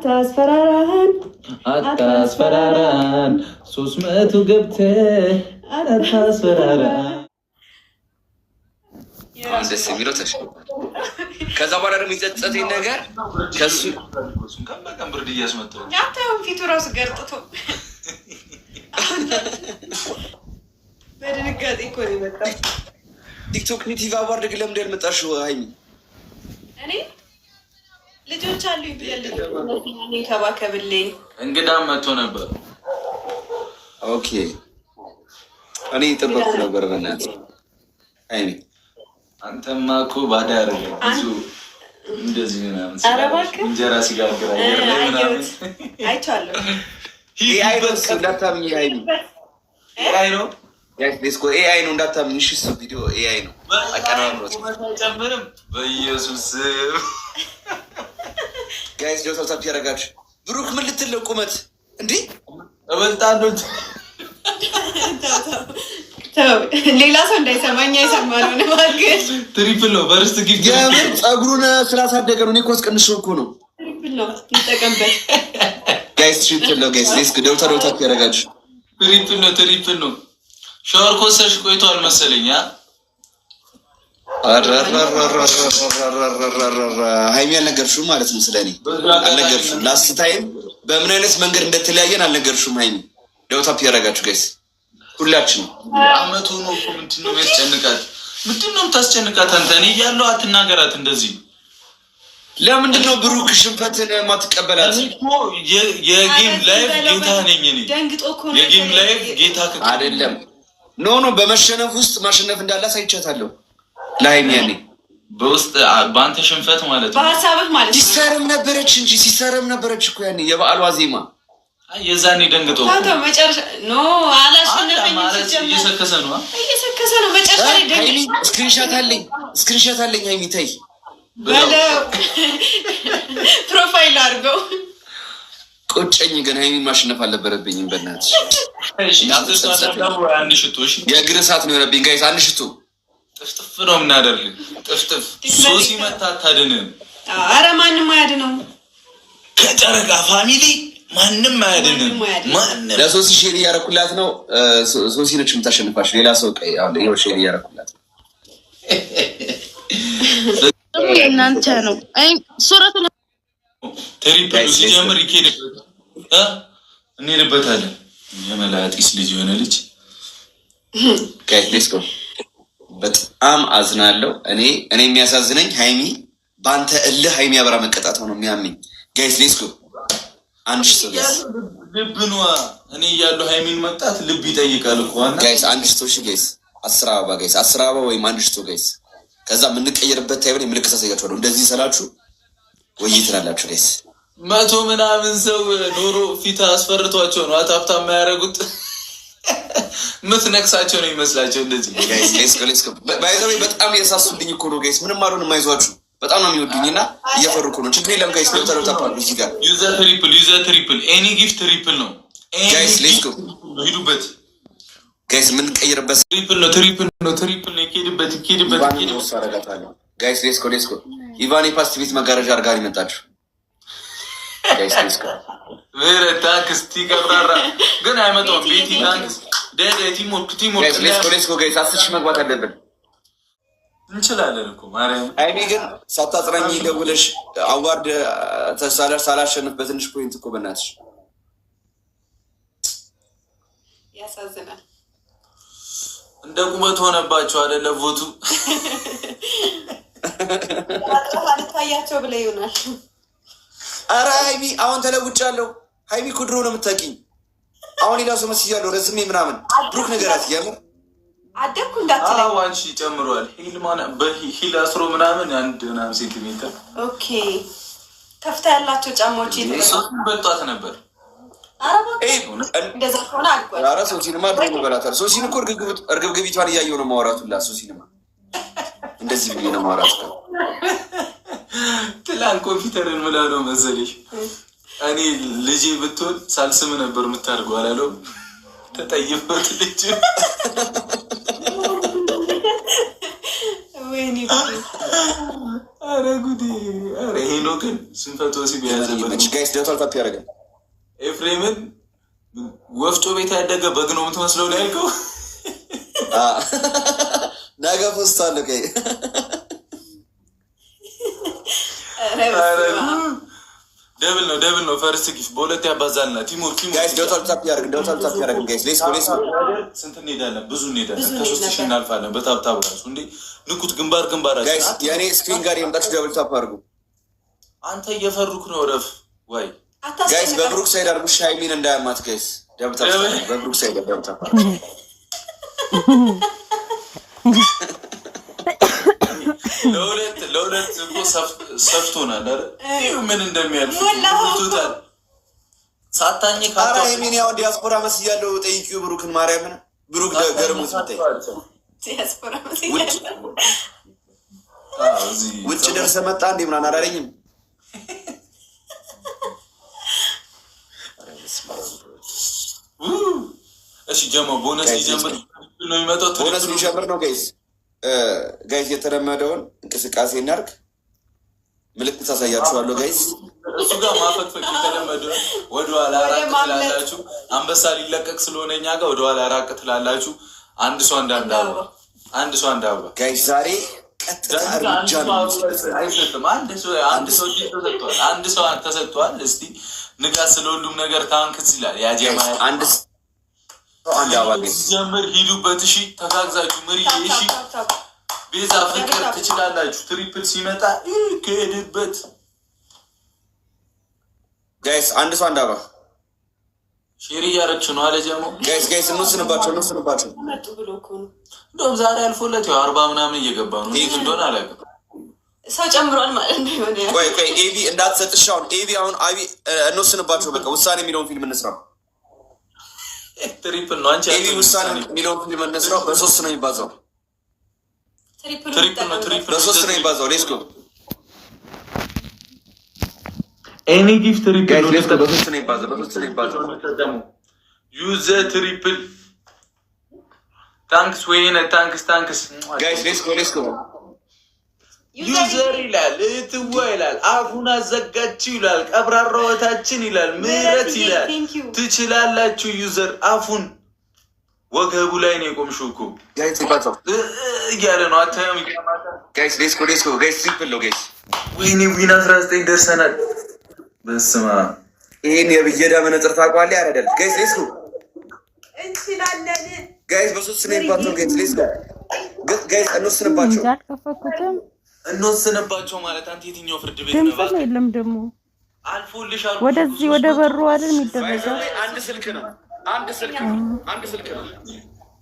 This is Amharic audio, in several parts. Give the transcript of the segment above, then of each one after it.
አታስፈራራን አታስፈራራን ሶስት መቶ ገብተ አታስፈራራን። ደስ የሚለው ተሸንፏል። ከዛ በኋላ ደግሞ የሚጸጸተኝ ነገር ከሱ ብርድ እያስመጣሁ ፊቱ ራሱ ገርጥቶ በድንጋጤ እኮ ነው የመጣው። ቲክቶክ ኔቲቭ አዋርድ ግን ለምንድን ነው ያልመጣሽው ሀይሚ? ልጆች አሉ ይብልልከባከብልኝ እንግዳ መቶ ነበር። ኦኬ እኔ የጠበኩ ነበር። በናት አይ አንተማ እኮ ባዳ ያደርገ ብዙ እንደዚህ ምናምን እንጀራ ሲጋግራ አይቼዋለሁ። ኤአይ ነው እንዳታምኝ። እሺ እሱ ቪዲዮ ኤአይ ነው አቀናብሮት ጨምርም በኢየሱስ ጋይስ ደ ሰብሳብ ያደረጋችሁ ብሩክ ምን ልትል ነው? ቁመት እንዲህ እበልጣሉት። ሌላ ሰው እንዳይሰማኝ አይሰማ ነው። ትሪፕል ነው። በርስት ጊፍት የምር ጸጉሩን ስላሳደገ ነው። እኔ እኮ አስቀንሽ እኮ ነው። ትሪፕል ነው። እንጠቀምበት ጋይስ። ትሪፕል ነው ጋይስ። ሌስ ደውታ ደውታ ያደረጋችሁ ትሪፕል ነው። ትሪፕል ነው። ሻወር ከወሰድሽ ቆይቷል መሰለኝ። ሀይሚ አልነገርሽውም ማለት ነው። ስለኔ አልነገርሽውም። ላስት ታይም በምን አይነት መንገድ እንደተለያየን አልነገርሽውም። ሀይሚ ደውታፕ ያደረጋችሁ ጋይስ ሁላችን አመቱ ነው። ምንድን ነው የሚያስጨንቃት? ምንድን ነው የምታስጨንቃት? አንተ እኔ እያለሁ አትናገራት እንደዚህ። ለምንድን ነው ብሩክ ሽንፈትን የማትቀበላት? የጌም ላይፍ ጌታ ነኝ እኔ። የጌም ላይፍ ጌታ አይደለም። ኖ ኖ፣ በመሸነፍ ውስጥ ማሸነፍ እንዳለ አሳይቻታለሁ። ላይን ያኔ በውስጥ በአንተ ሽንፈት ማለት ነው። በሀሳብህ ማለት ነው። ሲሰርም ነበረች እንጂ ሲሰርም ነበረች እኮ ያኔ የበዓሏ ዜማ የዛኔ ደንግጦ መጨረሻ ኖ አላሸነፈኝ። እየሰከሰ ነው እየሰከሰ ነው። መጨረሻ ላይ ደንግጦ ስክሪንሻት አለኝ ስክሪንሻት አለኝ። የሚታይ ፕሮፋይል አድርገው ቆጨኝ ግን ሀይሚ ማሸነፍ አልነበረብኝም። በእናትሽ የእግር እሳት ነው የሆነብኝ ጋይስ አንድ ሽቱ ጥፍጥፍ ነው የምናደርግ። ጥፍጥፍ ሶሲ መታ አታድንም። አረ ማንም አያድነው ከጨረቃ ፋሚሊ ማንም አያድንም። ለሶሲ ሼር እያረኩላት ነው። ሶሲ ነች የምታሸንፋሽ። ሌላ ሰው ቀይው ሼር እያረኩላት ነው። የእናንተ ነው ሱረት ትሪፕሉ ሲጀምር እንሄድበታለን። የመላጢስ ልጅ የሆነ ልጅ ሌስኮ በጣም አዝናለው። እኔ እኔ የሚያሳዝነኝ ሀይሚ በአንተ እልህ ሀይሚ አብራ መቀጣት ነው የሚያምኝ። ጋይስ ሌስ ጎ አንድ ሺ ልብ ነዋ። እኔ እያለሁ ሀይሚን መቅጣት ልብ ይጠይቃል እኮ ጋይስ። አንድ ሽቶ ሺ ጋይስ፣ አስር አበባ ጋይስ፣ አስር አበባ ወይም አንድ ሽቶ ጋይስ። ከዛ የምንቀየርበት ታይሆን የምልክት አሳያችኋለሁ። እንደዚህ ስላችሁ ወይ ትላላችሁ ጋይስ። መቶ ምናምን ሰው ኖሮ ፊት አስፈርቷቸው ነው አታፍታ የማያደርጉት ምትነቅሳቸው ነው ይመስላቸው። እንደዚህ በጣም የሳሱብኝ እኮ ነው ጋይስ። ምንም አልሆን የማይዟችሁ በጣም ነው የሚወዱኝ እና እየፈሩ ነው። ችግር የለም ጋይስ። ሎተሪ ታፓሉ እዚህ ጋር ዩዘር ትሪፕል ዩዘር ትሪፕል ኤኒ ጊፍት ትሪፕል ነው ጋይስ። ሌትስ ጎ ሂዱበት ጋይስ። የምንቀይርበት ትሪፕል ነው ትሪፕል ነው ትሪፕል ነው። ይኬድበት ይኬድበት ይኬድበት ጋይስ። ሌትስ ጎ ሌትስ ጎ ኢቫኔ ፓስት ቤት መጋረጃ አድርጋ ይመጣችሁ ግን አይመጣውም። ቤቲ መግባት አለብን። ግን ሳታጽናኝ አዋርድ ሳላሸንፍ በትንሽ ፖይንት እኮ በእናትሽ ያሳዝናል። እንደ ቁመት ሆነባቸው አይደለ? ቦቱ አልታያቸው ይሆናል አረ ሀይሚ አሁን ተለውጫለሁ። ሀይሚ እኮ ድሮ ነው የምታውቂኝ። አሁን ሌላ ሰው መስያለሁ፣ ረዝሜ ምናምን። ብሩክ ነገራት እያምር አደኩ እንዳትለኝ። አንቺ ጨምሯል በሂል አስሮ ምናምን አንድ ምናምን ሴንቲሜትር ኦኬ። ከፍታ ያላቸው ጫማዎች በልጧት ነበር። ኧረ ሶሲንማ ድሮ ነው በላታል። ሶሲን እኮ እርግብግቢቷን እያየው ነው ማውራቱላ። ሶሲንማ እንደዚህ ብዬ ነው ማውራቱ ትላል ኮምፒውተርን ምላ ነው መሰለሽ እኔ ልጄ ብትሆን ሳልስም ነበር የምታደርገው አላለው። ተጠይፈት ልጅ ኧረ ጉዴ! ኧረ ሄኖክን ስንፈት ወሲብ የያዘበት ኤፍሬምን ወፍጮ ቤት ያደገ በግ ነው የምትመስለው ነው ያልከው። ነገ ቀይ ደብል ነው፣ ደብል ነው። ፈርስት ጊፍ በሁለት ያባዛልና ቲሞር ቲሞር ጋይስ ዶታል ታፕ ያርግ፣ ዶታል ታፕ ያርግ። ጋይስ ሌስ ጎሌስ ስንት እንሄዳለን? ብዙ እንሄዳለን። ከሶስት ሺህ እናልፋለን። በታፕታፕ ራሱ እንዴ ንኩት፣ ግንባር ግንባር። ጋይስ የእኔ ስክሪን ጋር የምጣችሁ ደብል ታፕ አድርጉ። አንተ እየፈሩክ ነው። ረፍ ወይ ጋይስ፣ በብሩክ ሳይድ አድርጉ። ሻይሚን እንዳያማት ጋይስ፣ ደብል ታፕ በብሩክ ሳይድ ደብል ታፕ ለሁለት ለሁለት እኮ ሰፍቶናል። አረ ምን እንደሚያልፍ ሞላሁታል። ሳታኝ ካራሚን ያው ዲያስፖራ መስያለሁ። ጠይቂው ብሩክን ማርያምን ብሩክ ገርሞት ውጭ ደርሰ መጣ እንዴ ምናምን አላለኝም። እሺ ጀሞ ቦነስ ሊጀምር ነው የሚመጣው። ቦነስ ሊጀምር ነው ጋይስ ጋይዝ የተለመደውን እንቅስቃሴ እናርግ። ምልክት አሳያችኋለሁ ጋይዝ። እሱ ጋር ማፈግፈግ የተለመደ ወደኋላ ራቅ ትላላችሁ። አንበሳ ሊለቀቅ ስለሆነ እኛ ጋር ወደኋላ ራቅ ትላላችሁ። አንድ ሰው አንድ አንድ አበባ፣ አንድ ሰው አንድ አበባ። ጋይዝ ዛሬ ቀጥታ እርምጃ አንድ ሰው ተሰጥቷል፣ አንድ ሰው ተሰጥቷል። እስቲ ንጋት ስለሁሉም ነገር ታንክስ ይላል ያጀማ አንድ ጀምር ሂዱበት። እሺ ተጋግዛችሁ ምርዬ። እሺ ቤዛ ፍቅር ትችላላችሁ። ትሪፕል ሲመጣ ከሄድበት ጋይስ አንድ ሰው አንድ አባ ሼር እያረግች ነው አለ ጀሞ ጋይስ ጋይስ እንወስንባቸው እንወስንባቸው። እንደውም ዛሬ አልፎለት ያው አርባ ምናምን እየገባ ነው። ይህ እንደሆነ አላውቅም። ሰው ጨምሯል ማለት ነው። ቆይ ቆይ ኤቢ እንዳትሰጥሻውን አሁን አቢ እንወስንባቸው። በቃ ውሳኔ የሚለውን ፊልም እንስራ። ትሪፕል ነው። አንቺ ኤቢ ውሳኔ የሚለው ሊመለስ ነው። በሶስት ነው የሚባዛው። ትሪፕል ነው። ትሪፕል በሶስት ነው የሚባዛው። ሌስ ጎ ኤኒ ጊፍት ትሪፕል ነው። ሌስ ጎ በሶስት ነው የሚባዛው። በሶስት ነው የሚባዛው። ዩዘ ትሪፕል ታንክስ ወይነ ታንክስ ታንክስ ጋይስ ሌስ ጎ ሌስ ጎ ዩዘር ይላል፣ እህትዋ ይላል፣ አፉን አዘጋችው ይላል፣ ቀብራራወታችን ይላል፣ ምህረት ይላል። ትችላላችሁ። ዩዘር አፉን ወገቡ ላይ ነው የቆምሽው እኮ እያለ ነው። ወይኔ ዊን አስራ ዘጠኝ ደርሰናል። በስመ አብ ይህን የብየዳ መነጽር ታውቀዋለህ ያረዳል። ጋይስ ሌስ ነው ጋይስ በሶስት ነው ይባቸው ጋይስ ሌስ ጋይስ እንወስንባቸው እንወስንባቸው ማለት አንተ የትኛው ፍርድ ቤት ነው? ድምፅ ነው የለም ደግሞ አልፎልሻል። ወደዚህ ወደ በሩ አይደል የሚደረገው? አንድ ስልክ ነው አንድ ስልክ ነው አንድ ስልክ ነው።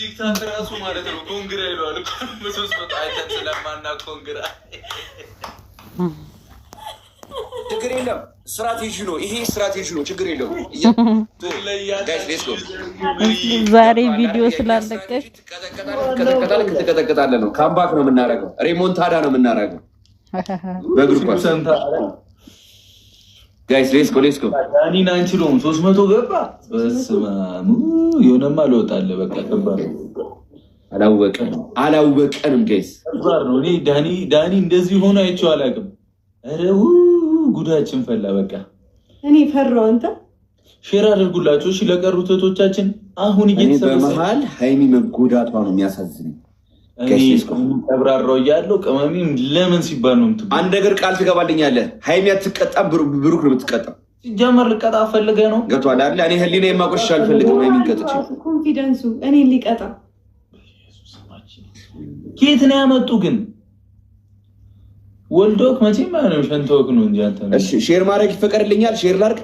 ቲክታክ ራሱ ማለት ነው ኮንግራ ይለዋል። ሶስት መቶ አይተን ስለማና ኮንግራ ችግር የለም። ስትራቴጂ ነው ይሄ፣ ስትራቴጂ ነው። ችግር የለም። ዛሬ ቪዲዮ ስላለቀች ትቀጠቀጣለህ ነው። ካምባክ ነው የምናደርገው፣ ሬሞንታዳ ነው የምናደርገው በእግር ኳስ ጋይስ ሌስኮ ሌስኮ ዳኒን ሶስት መቶ ገባ። የሆነማ ልወጣለ በቃ ከባድ አላወቀንም፣ ጋይስ። ዳኒ እንደዚህ ሆኖ አይቼው አላውቅም። ጉዳችን ፈላ። በቃ እኔ ፈራው። አንተ ሼር አድርጉላችሁ እሺ፣ ለቀሩት እህቶቻችን አሁን እየተሰበሰበ በመሀል ሀይሚ መጎዳቷ ነው የሚያሳዝነኝ። ጠብራራው እያለው ቅመሚ ለምን ሲባል ነው ምት አንድ ነገር ቃል ትገባልኛለህ። ሀይሚ አትቀጣም፣ ብሩክ ነው የምትቀጣም። ሲጀመር ልቀጣ ፈልገ ነው ገብቷል አለ እኔ ህሊና የማቆሻ አልፈልግም። ሀይሚን ቀጥቼ ኮንፊደንሱ እኔ ሊቀጣ ኬት ነው ያመጡ ግን ወልዶክ መቼም አይሆንም። ሸንተወክ ነው እንጂ አንተ ነው። እሺ ሼር ማድረግ ይፈቀድልኛል? ሼር ላድርግ።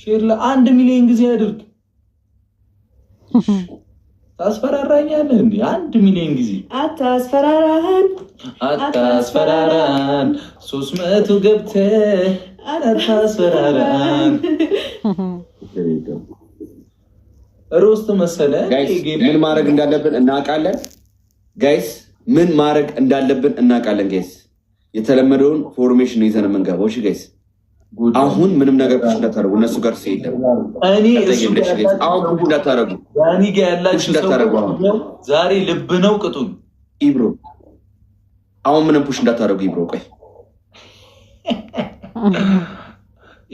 ሼር ለአንድ ሚሊዮን ጊዜ አድርግ። ታስፈራራኛለህ እንዴ? አንድ ሚሊዮን ጊዜ አታስፈራራን፣ አታስፈራራን። ሶስት መቶ ገብተ አታስፈራራን። ሮስት መሰለ ምን ማድረግ እንዳለብን እናውቃለን ጋይስ ምን ማድረግ እንዳለብን እናውቃለን ጋይስ የተለመደውን ፎርሜሽን ይዘን የምንገባው እሺ ጋይስ አሁን ምንም ነገር ሽ እንዳታደረጉ እነሱ ጋር የለም። ግቡ እንዳታደረጉ እንዳታደረጉ ዛሬ ልብ ነው ቅጡን ኢብሮ አሁን ምንም ፑሽ እንዳታደረጉ ኢብሮ ቆይ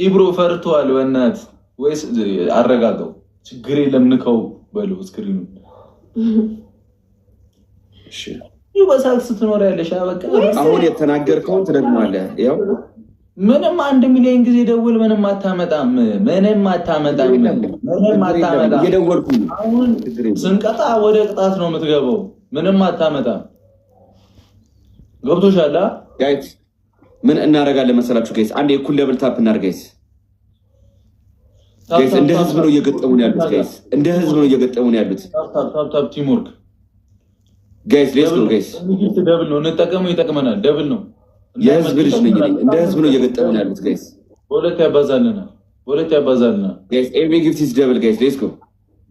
ኢብሮ ፈርቷል። በእናት ወይስ አረጋገው ችግር የለም ንከው በሉ እስክሪኑ ይህ በሳክስ ትኖሪያለሽ። አሁን የተናገርከውን ትደግማለህ። ያው ምንም አንድ ሚሊዮን ጊዜ ደውል፣ ምንም አታመጣም። ምንም አታመጣም። ምንም አታመጣም። የደወልኩ ስንቀጣ ወደ ቅጣት ነው የምትገባው። ምንም አታመጣም። ገብቶሻል። ጋይት ምን እናደርጋለን መሰላችሁ? ጋይስ አንድ የኩል ለብል ታፕ እናድርግ ጋይስ። ጋይስ እንደ ህዝብ ነው እየገጠሙን ያሉት። ጋይስ እንደ ህዝብ ነው እየገጠሙን ያሉት። ታፕ ታፕ ታፕ ቲም ወርክ ጋይስ ሌስ ነው ጋይስ፣ ደብል ነው እንጠቀመው፣ ይጠቅመናል። ደብል ነው፣ የህዝብ ልጅ ነኝ፣ እንደ ህዝብ ነው እየገጠምን ያሉት ጋይስ። በሁለት ያባዛልናል፣ በሁለት ያባዛልናል ጋይስ። ኤቭሪ ጊፍት ኢዝ ደብል ጋይስ፣ ሌስ ጎ።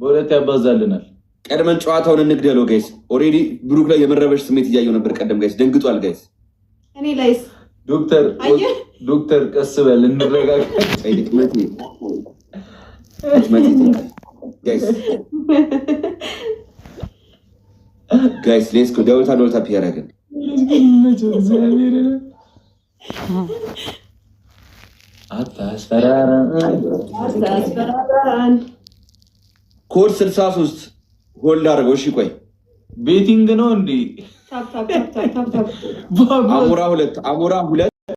በሁለት ያባዛልናል። ቀድመን ጨዋታውን እንግደለው ጋይስ። ኦልሬዲ ብሩክ ላይ የመረበሽ ስሜት እያየው ነበር ቀደም ጋይስ፣ ደንግጧል ጋይስ። እኔ ላይስ ዶክተር ዶክተር፣ ቀስ በል እንረጋጋ። ድክመቴ ድክመቴ ጋይስ ጋይስ ሌስ ደውልታ ደውልታ ያደረግን ኮድ ስልሳ ሶስት ሆልድ አድርገው። እሺ ቆይ ቤቲንግ ነው እንዴ? አሞራ ሁለት አሞራ ሁለት